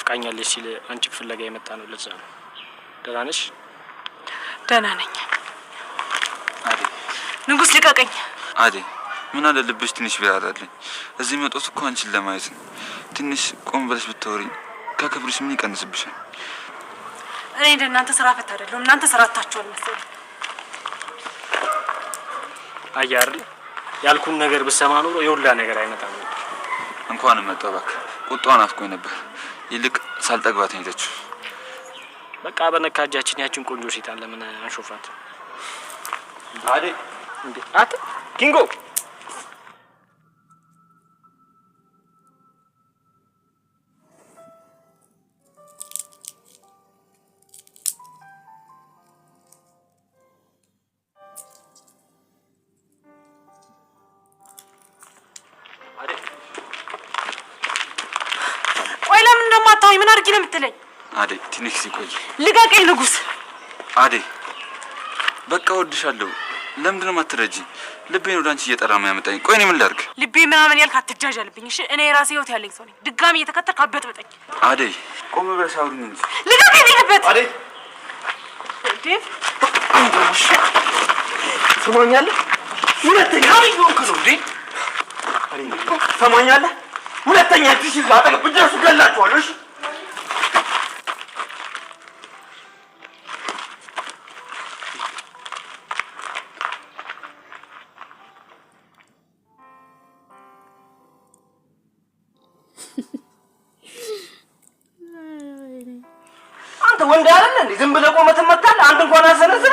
ናፍቃኛለች ሲል አንቺ ፍለጋ የመጣ ነው። ለዛ ነው። ደህና ነሽ? ደህና ነኝ። አዴ ንጉስ ልቀቀኝ። አዴ ምን አለ ልብሽ ትንሽ ቢራራልኝ። እዚህ መጦት እኮ አንቺን ለማየት ነው። ትንሽ ቆም ብለሽ ብታወሪኝ ከክብርሽ ምን ይቀንስብሻል? እኔ እንደ እናንተ ስራ ፈት አይደለሁም። እናንተ ስራ አታችኋል መሰለኝ። አያር ያልኩን ነገር ብሰማ ኑሮ የሁላ ነገር አይመጣም። እንኳን መጣ። እባክህ ቁጣዋን አፍቆኝ ነበር። ይልቅ ሳልጠግባት ሄደች። በቃ በነካ እጃችን ያችን ቆንጆ ሴት አለ። ምን አንሾፋት አዴ? እንዴ! አት ኪንጎ እንደማታወኝ ምን አድርጊ ነው የምትለኝ? አዴ ትንሽ ሲቆይ ልቀቀኝ። ንጉስ አዴ በቃ ወድሻለሁ። ለምንድን ነው የማትረጂኝ? ልቤን ወደ አንቺ እየጠራ ነው ያመጣኝ። ቆይ እኔ ምን ላድርግ? ልቤ ምናምን ያልክ አትጃጃልብኝ እሺ። እኔ የራሴ ህይወት ያለኝ ሰው ነኝ። ድጋሚ እየተከተልክ አበጥብጠኝ። አዴ ቆም ብለሽ አውሪኝ እንጂ ልቀቀኝ። ይሄበት አዴ እንዴ ትሰማኛለህ? ሁለተኛ አይ ነው ከሰው እንዴ ሰማኛለህ ሁለተኛ እጅሽ ይዛ አጠገብ ብትደርሱ ገላችኋለሁ። እሺ አንተ ወንድ አይደለ እንዴ? ዝም ብለህ ቆመህ ትመታለህ። አንድ እንኳን አሰነዘ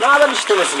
ናበልሽ ትመስል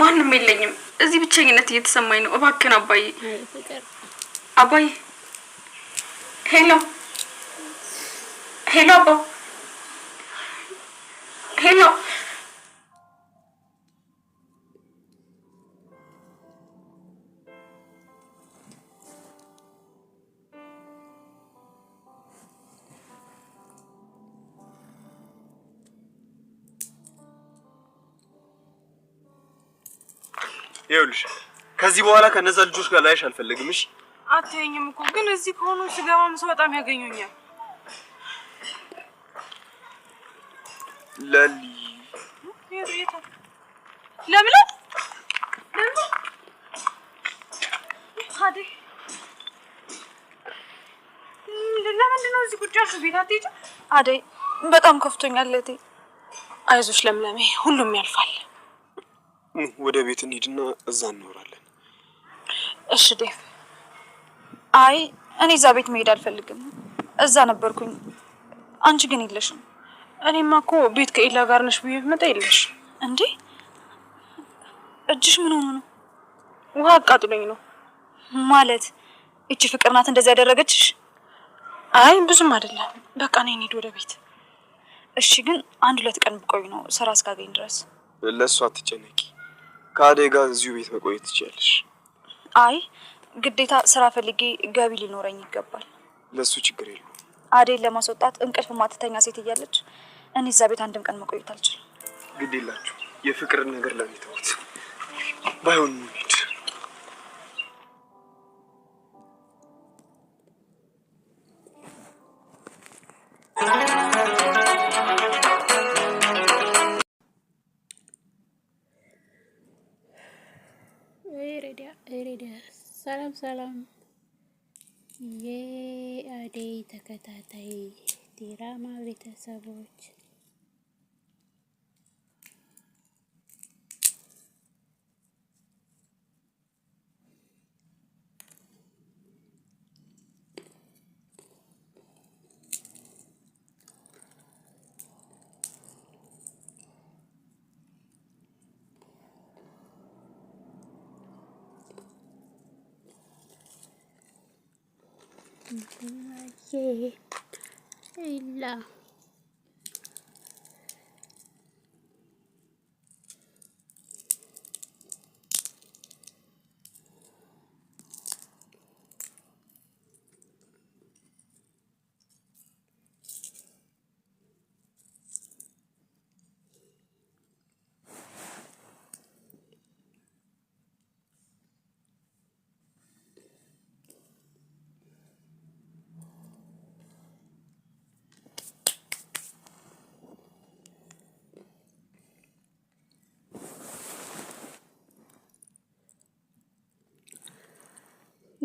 ማንም የለኝም። እዚህ ብቸኝነት እየተሰማኝ ነው። እባክን አባዬ፣ አባዬ። ሄሎ፣ ሄሎ፣ አባ፣ ሄሎ ይኸውልሽ ከዚህ በኋላ ከነዛ ልጆች ጋር ላይሽ አልፈልግም። እሺ አትይኝም እኮ ግን እዚህ ከሆኑ ስገባም ሰው በጣም ያገኙኛል። ለሊ ለምለ ለምንድን ነው እዚህ ቁጭ ያልሽው? ቤት አትሄጂም? አደይ በጣም ከፍቶኛል። እቴ አይዞሽ ለምለሜ፣ ሁሉም ያልፋል። ወደ ቤት እንሂድና እዛ እናወራለን። እሺ ዴፍ። አይ እኔ እዛ ቤት መሄድ አልፈልግም። እዛ ነበርኩኝ። አንቺ ግን የለሽም። እኔማ እኮ ቤት ከኤላ ጋር ነሽ ብዬ መጣ የለሽ እንዴ? እጅሽ ምን ሆኖ ነው? ውሃ አቃጥሎኝ ነው ማለት። እቺ ፍቅር ናት እንደዚህ ያደረገችሽ? አይ ብዙም አይደለም። በቃ እኔ እንሂድ ወደ ቤት። እሺ ግን አንድ ሁለት ቀን ብቆይ ነው ስራ እስካገኝ ድረስ። ለእሷ አትጨነቂ። ከአደይ ጋር እዚሁ ቤት መቆየት ትችያለሽ። አይ ግዴታ ስራ ፈልጌ ገቢ ሊኖረኝ ይገባል። ለሱ ችግር የለም። አደይን ለማስወጣት እንቅልፍ ማትተኛ ሴት እያለች እኔ እዛ ቤት አንድም ቀን መቆየት አልችልም። ግድ የላችሁ የፍቅርን ነገር ለኔ ተውት። ባይሆን ሄድ ሰላም ሰላም የአደይ ተከታታይ ዲራማ ቤተሰቦች something Hey, love.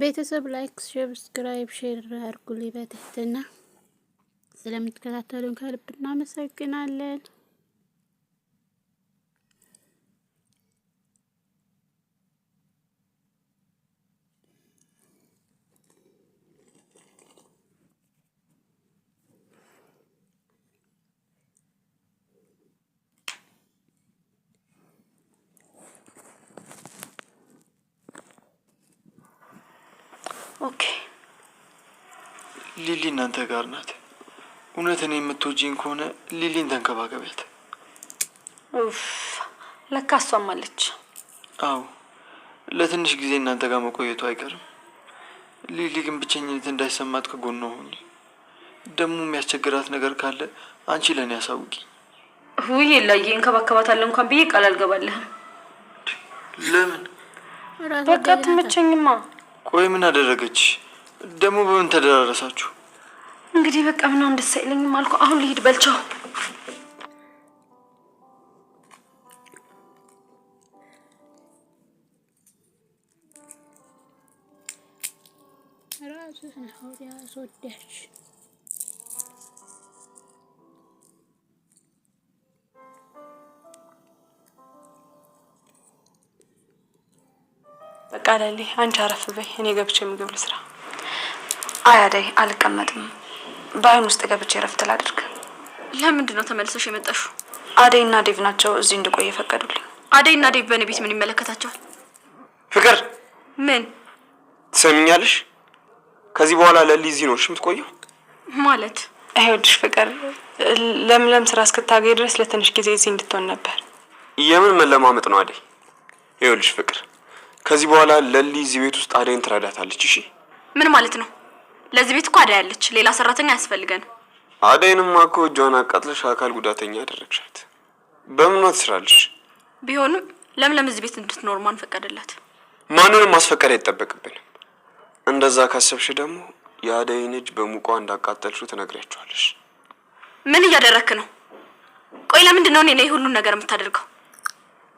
ቤተሰብ ላይክ፣ ሰብስክራይብ፣ ሼር አድርጉልኝ በትህትና ስለምትከታተሉን ከልብ እናመሰግናለን። ኦኬ። ሊሊ እናንተ ጋር ናት። እውነት እኔ የምትወጂኝ ከሆነ ሊሊን ተንከባከቢያት። ለካ እሷም አለች። አዎ ለትንሽ ጊዜ እናንተ ጋር መቆየቱ አይቀርም። ሊሊ ግን ብቸኝነት እንዳይሰማት ከጎኗ ሆኚ፣ ደግሞ የሚያስቸግራት ነገር ካለ አንቺ ለእኔ አሳውቂኝ። ውይ ላየ እንከባከባታለን እንኳን ብዬ ቃል አልገባለህም። ለምን በቃ ትመቸኝማ። ቆይ ምን አደረገች ደግሞ? በምን ተደራረሳችሁ? እንግዲህ በቃ ምናምን ደስ አይለኝም አልኩ። አሁን ልሂድ በልቻው። ራስህን ሐዋርያ አስወዳጅ በቃ አንቺ አረፍ በይ፣ እኔ ገብቼ ምግብ ልስራ። አይ አደይ፣ አልቀመጥም። በአይን ውስጥ ገብቼ ረፍት ላድርግ። ለምንድን ነው ተመልሰሽ የመጣሹ? አደይ እና ዴቭ ናቸው እዚህ እንድቆይ የፈቀዱልኝ። አደይ እና ዴቭ በእኔ ቤት ምን ይመለከታቸዋል? ፍቅር ምን ትሰሚኛለሽ? ከዚህ በኋላ ለሊ እዚህ ነው የምትቆየው ማለት? ይኸውልሽ ፍቅር፣ ለምለም ስራ እስክታገኝ ድረስ ለትንሽ ጊዜ እዚህ እንድትሆን ነበር። የምን መለማመጥ ነው አደይ? ይኸውልሽ ፍቅር ከዚህ በኋላ ለሊ እዚህ ቤት ውስጥ አደይን ትረዳታለች። እሺ። ምን ማለት ነው? ለዚህ ቤት እኮ አዳይ አለች። ሌላ ሰራተኛ አያስፈልገን። አዳይንማ እኮ እጇን አቃጥለሽ አካል ጉዳተኛ አደረግሻት። በምኗ ትስራለሽ? ቢሆንም ለምለም እዚህ ቤት እንድትኖር ማን ፈቀደላት? ማንንም ማስፈቀድ አይጠበቅብንም። እንደዛ ካሰብሽ ደግሞ የአደይን እጅ በሙቋ እንዳቃጠልሽው ትነግሪያቸዋለሽ። ምን እያደረክ ነው? ቆይ ለምንድን ነው እኔ ላይ ሁሉን ነገር የምታደርገው?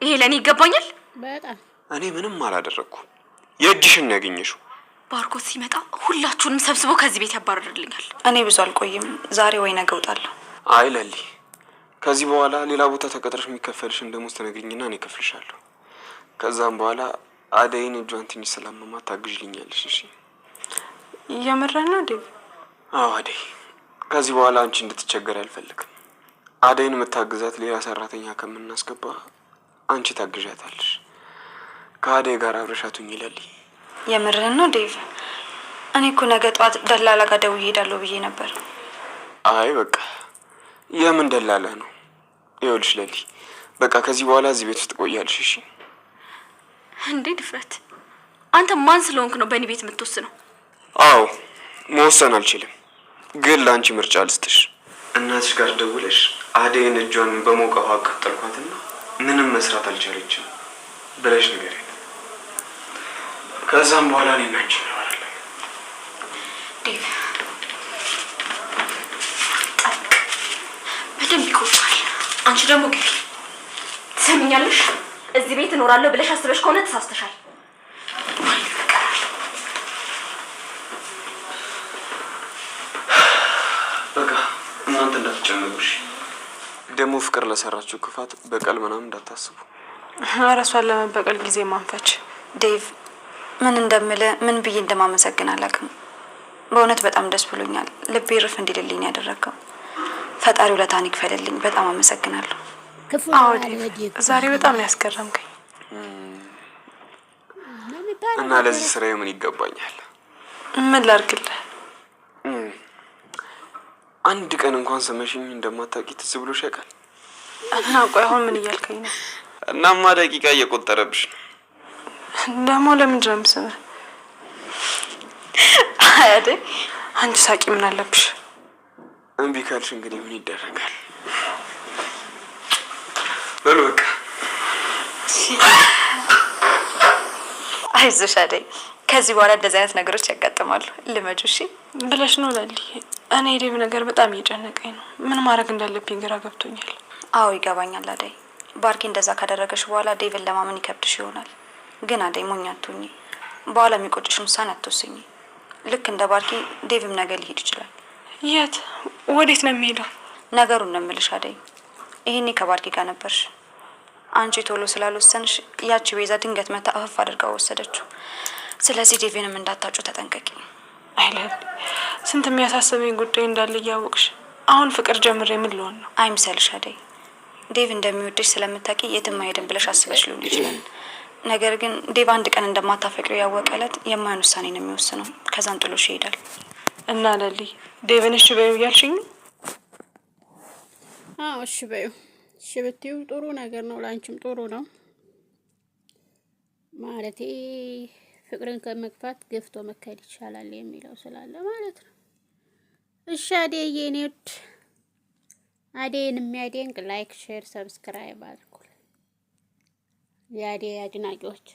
ይሄ ለእኔ ይገባኛል? በጣም እኔ ምንም አላደረግኩም። የእጅሽን ያገኘሽው። ባርኮት ሲመጣ ሁላችሁንም ሰብስቦ ከዚህ ቤት ያባረርልኛል። እኔ ብዙ አልቆይም። ዛሬ ወይ ነገ እወጣለሁ። አይ ለሊ፣ ከዚህ በኋላ ሌላ ቦታ ተቀጥረሽ የሚከፈልሽን ደሞዝ ትነግሪኝና እኔ እከፍልሻለሁ። ከዛም በኋላ አደይን እጇን ትንሽ ስላመማት ታግዥልኛለሽ። እሺ? ነው አደይ? አዎ አደይ፣ ከዚህ በኋላ አንቺ እንድትቸገር አልፈልግም። አደይን የምታግዛት ሌላ ሰራተኛ ከምናስገባ አንቺ ታግዣታለሽ። ከአደይ ጋር አብረሻቱኝ ይላል። የምርህን ነው ዴቭ? እኔ እኮ ነገ ጠዋት ደላላ ጋር ደውዬ እሄዳለሁ ብዬ ነበር። አይ በቃ የምን ደላላ ነው? ይኸውልሽ ለሊ፣ በቃ ከዚህ በኋላ እዚህ ቤት ውስጥ ትቆያለሽ። እሺ? እንዴ ድፍረት! አንተ ማን ስለሆንክ ነው በእኔ ቤት የምትወስነው? አዎ መወሰን አልችልም፣ ግን ለአንቺ ምርጫ ልስጥሽ። እናትሽ ጋር ደውለሽ አደይን እጇን በሞቀ ውሃ አቃጠልኳትና ምንም መስራት አልቻለችም ብለሽ ንገሪኝ። ከዛም በኋላ እኔ እና አንቺ በደንብ ይቆጣል። አንቺ ደግሞ ግቢ። ትሰምኛለሽ እዚህ ቤት እኖራለሁ ብለሽ አስበሽ ከሆነ ተሳስተሻል። በቃ እናንተ እንዳትጨነቁሽ። ደግሞ ፍቅር ለሰራችው ክፋት በቀል ምናምን እንዳታስቡ። እራሷን ለመበቀል ጊዜ ማንፈች ዴቭ ምን እንደምል ምን ብዬ እንደማመሰግን አላውቅም። በእውነት በጣም ደስ ብሎኛል። ልቤ ርፍ እንዲልልኝ ያደረገው ፈጣሪ ውለታን ይክፈልልኝ። በጣም አመሰግናለሁ። ዛሬ በጣም ነው ያስገረምከኝ እና ለዚህ ስራ ምን ይገባኛል? ምን ላድርግልህ? አንድ ቀን እንኳን ስመሽኝ እንደማታውቂ ትዝ ብሎሽ ያውቃል? እና ቆይ አሁን ምን እያልከኝ ነው? እናማ ደቂቃ እየቆጠረብሽ ነው ደግሞ ለምንድን ነው የምስበህ? አያዴ አንቺ ሳቂ፣ ምን አለብሽ? እምቢ ካልሽ እንግዲህ ምን ይደረጋል። በሉ በቃ አይዞሽ አደይ፣ ከዚህ በኋላ እንደዚህ አይነት ነገሮች ያጋጥማሉ። ልመጁ እሺ ብለሽ ነው ላሊ። እኔ የዴብ ነገር በጣም እየጨነቀኝ ነው። ምን ማድረግ እንዳለብኝ ግራ ገብቶኛል። አዎ ይገባኛል አደይ። ባርኪ እንደዛ ካደረገሽ በኋላ ዴብን ለማመን ይከብድሽ ይሆናል። ግን አደይ ሞኝ አትሁኚ። በኋላ የሚቆጭሽ ውሳኔ አትወስኚ። ልክ እንደ ባርኪ ዴቭም ነገ ሊሄድ ይችላል። የት ወዴት ነው የሚሄደው? ነገሩን ነው የምልሽ አደይ። ይህኔ ከባርኪ ጋር ነበርሽ። አንቺ ቶሎ ስላልወሰንሽ ያቺ ቤዛ ድንገት መታ እፍፍ አድርጋ ወሰደችው። ስለዚህ ዴቪንም እንዳታጩ ተጠንቀቂ። አይለም ስንት የሚያሳስበኝ ጉዳይ እንዳለ እያወቅሽ አሁን ፍቅር ጀምሬ ምን ልሆን ነው? አይምሰልሽ አደይ ዴቭ እንደሚወድሽ ስለምታውቂ የትም አይሄድም ብለሽ አስበሽ ሊሆን ይችላል። ነገር ግን ዴቭ አንድ ቀን እንደማታፈቅረው ያወቀ ዕለት የማይሆን ውሳኔ ነው የሚወስነው። ከዛን ጥሎሽ ይሄዳል። እና ለሊ ዴቭን እሺ በይው እያልሽኝ? አዎ እሺ በዩ እሺ ብትዩ ጥሩ ነገር ነው፣ ለአንቺም ጥሩ ነው ማለቴ ፍቅርን ከመግፋት ገፍቶ መካሄድ ይቻላል የሚለው ስላለ ማለት ነው። እሺ አዴ የኔድ አዴን የሚያደንቅ ላይክ፣ ሼር፣ ሰብስክራይብ አድርጉ። የአደይ አድናቂዎች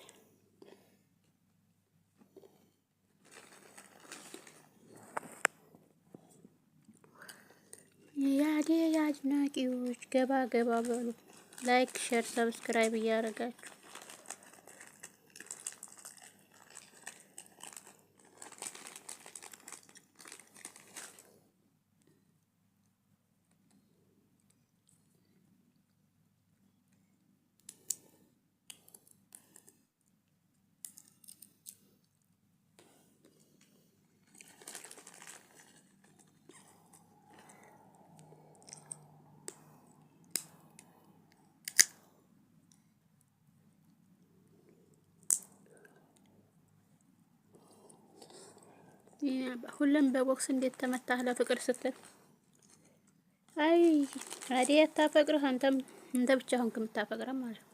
የአደይ አድናቂዎች ገባ ገባ በሉ። ላይክ፣ ሼር፣ ሰብስክራይብ እያደረጋችሁ ሁሉም በቦክስ እንዴት ተመታህ? ለፍቅር ስትል አይ አደይ አታፈቅርህ አንተም ብቻ አሁን የምታፈቅረህ ማለት ነው።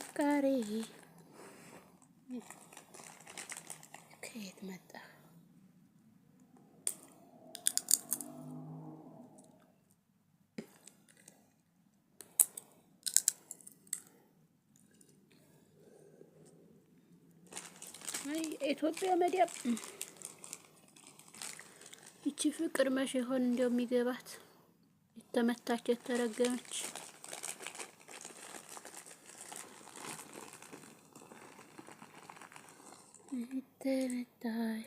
አፍቃሪ ከየት መጣ? ኢትዮጵያ መዲያም ይቺ ፍቅር መቼ ይሆን እንደው የሚገባት የተመታች የተረገመች ተመታይ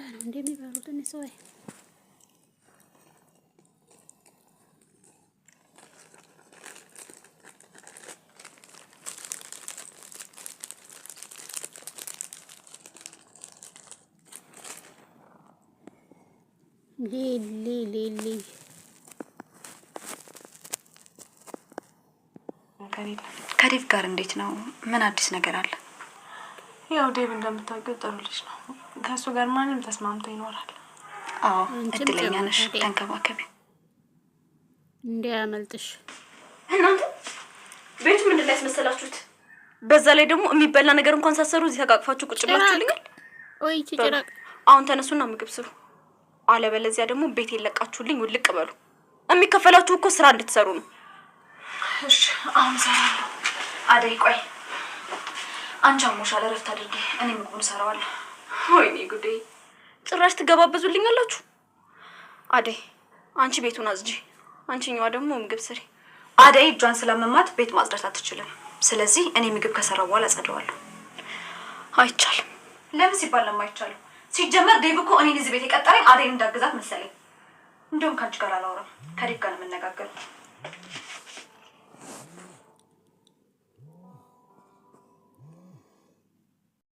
ነው እንደሚበሉት እነሱ ወይ ሌሊ ሌሊ ከዴቭ ጋር እንዴት ነው? ምን አዲስ ነገር አለ? ያው ዴቭ እንደምታውቂው ጥሩ ልጅ ነው። ከእሱ ጋር ማንም ተስማምቶ ይኖራል። አዎ እድለኛ ነሽ። ተንከባከቢ እንዲያመልጥሽ። እናንተ ቤቱ ምንድን ላይ ያስመሰላችሁት? በዛ ላይ ደግሞ የሚበላ ነገር እንኳን ሳሰሩ እዚህ ተቃቅፋችሁ ቁጭ ብላችሁልኛል። አሁን ተነሱና ምግብ ስሩ፣ አለበለዚያ ደግሞ ቤት የለቃችሁልኝ ውልቅ በሉ። የሚከፈላችሁ እኮ ስራ እንድትሰሩ ነው። እሺ አሁን እሰራለሁ። አደይ ቆይ፣ አንቺ አሞሻል፣ እረፍት አድርጊ። እኔ ምግቡን እሰራዋለሁ። ወይኔ ጉዴ! ጭራሽ ትገባበዙልኝ አላችሁ። አደይ አንቺ ቤቱን አጽጂ፣ አንቺኛዋ ደግሞ ምግብ ስሪ። አደይ እጇን ስለመማት ቤት ማጽዳት አትችልም። ስለዚህ እኔ ምግብ ከሰራ በኋላ አጸደዋለሁ። አይቻልም። ለምን ሲባል ለማይቻልም ሲጀመር ዴቭ እኮ እኔን እዚህ ቤት የቀጠረኝ አደይን እንዳግዛት መሰለኝ። እንዲሁም ከአንቺ ጋር አላወራም፣ ከዴቭ ጋር ነው የምነጋገረው።